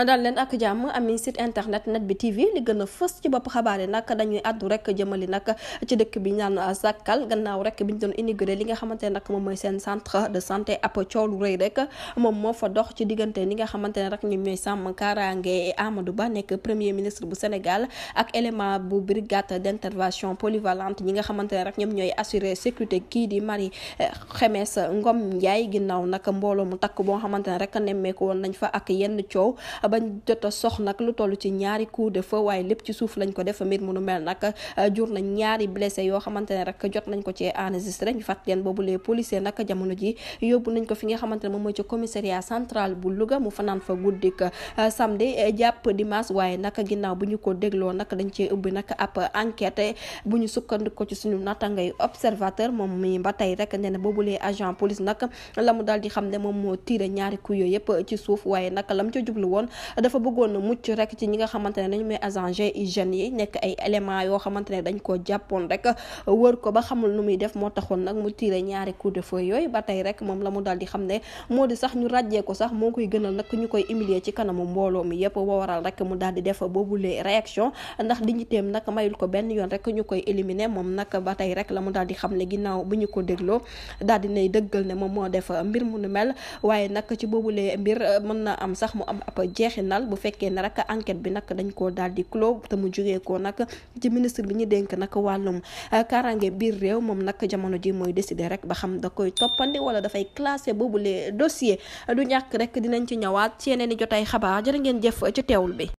daal leen ak jàmm ami site internet net bi tv li gën a fës ci bopp xabaar yi nag dañuy addu rek jëmali nag ci dëkk bi ñu naan sàkkal gannaaw rek bi ñu doon inauguré li nga xamante ne nag moom mooy seen centre de santé ab coow lu rek moom moo fa dox ci diggante li nga xamante ne rek ñoom ñooy sàmm kaaraange Amadou Ba nekk premier ministre bu Sénégal ak élément bu brigade d' intervention polyvalente ñi nga xamante ne rek ñoom ñooy assurer sécurité kii di mari Marie eh, sa Ngom Ndiaye ginnaaw nag mbooloo mu takk boo xamante ne rek nemmeeku woon nañ fa ak yenn coow bañ jot a sox nag lu toll ci ñaari coup de feu waaye lépp ci suuf lañ ko def mbir mu nu mel nag euh, jur na ñaari blessé yoo xamante ne rek jot nañ ko ci enregistré ñu fàttali leen boobu lee policiers nag jamono ji yóbbu nañ ko fi nga xamante ne moom mooy ci commissariat central bu Louga mu fanaan fa guddik euh, samedi euh, jàpp dimanche waaye nag ginnaaw bu ñu ko dégloo nag dañ cee ubbi nag ab enquête bu ñu sukkandikoo ci suñu nattangay observateur moom mi ba tey rek nee na boobu agent police nag la mu daal di xam ne moom moo tiire ñaari coup yooyu yëpp ci suuf waaye nag la mu ca jublu woon dafa bëggoon mucc rek ci ñi nga xamante ne dañu may agent hygiène yi nekk ay éléments yoo xamante ne dañ koo jàppoon rek wër ko ba xamul nu muy def moo taxoon nag mu tiire ñaari coup de feu yooyu ba tey rek moom la mu daal di xam ne moo di sax ñu ràjjee ko sax moo koy gënal nag ñu koy humilier ci kanamu mbooloo mi yëpp boo waral rek mu daal di def boobulee réaction ndax digniteem nag mayul ko benn yoon rek ñu koy éliminer moom nag ba tey rek la mu daal di xam ne ginnaaw bu ñu ko dégloo daal di nay dëggal ne moom moo def mbir mu nu mel waaye nag ci boobulee mbir mën na am sax mu am ab nal bu fekkee ne rek enquête bi nag dañ koo daal di clos te mu jógee ko nag ci ministre bi ñu denk nag wàllum euh, kaaraange biir réew moom nag jamono ji mooy décider rek ba xam da koy toppandi wala dafay classé boobule dossier du ñàkk rek dinañ ci ñëwaat ci yeneen i jotaay xabaar jërë ngeen jëf ci teewul bi.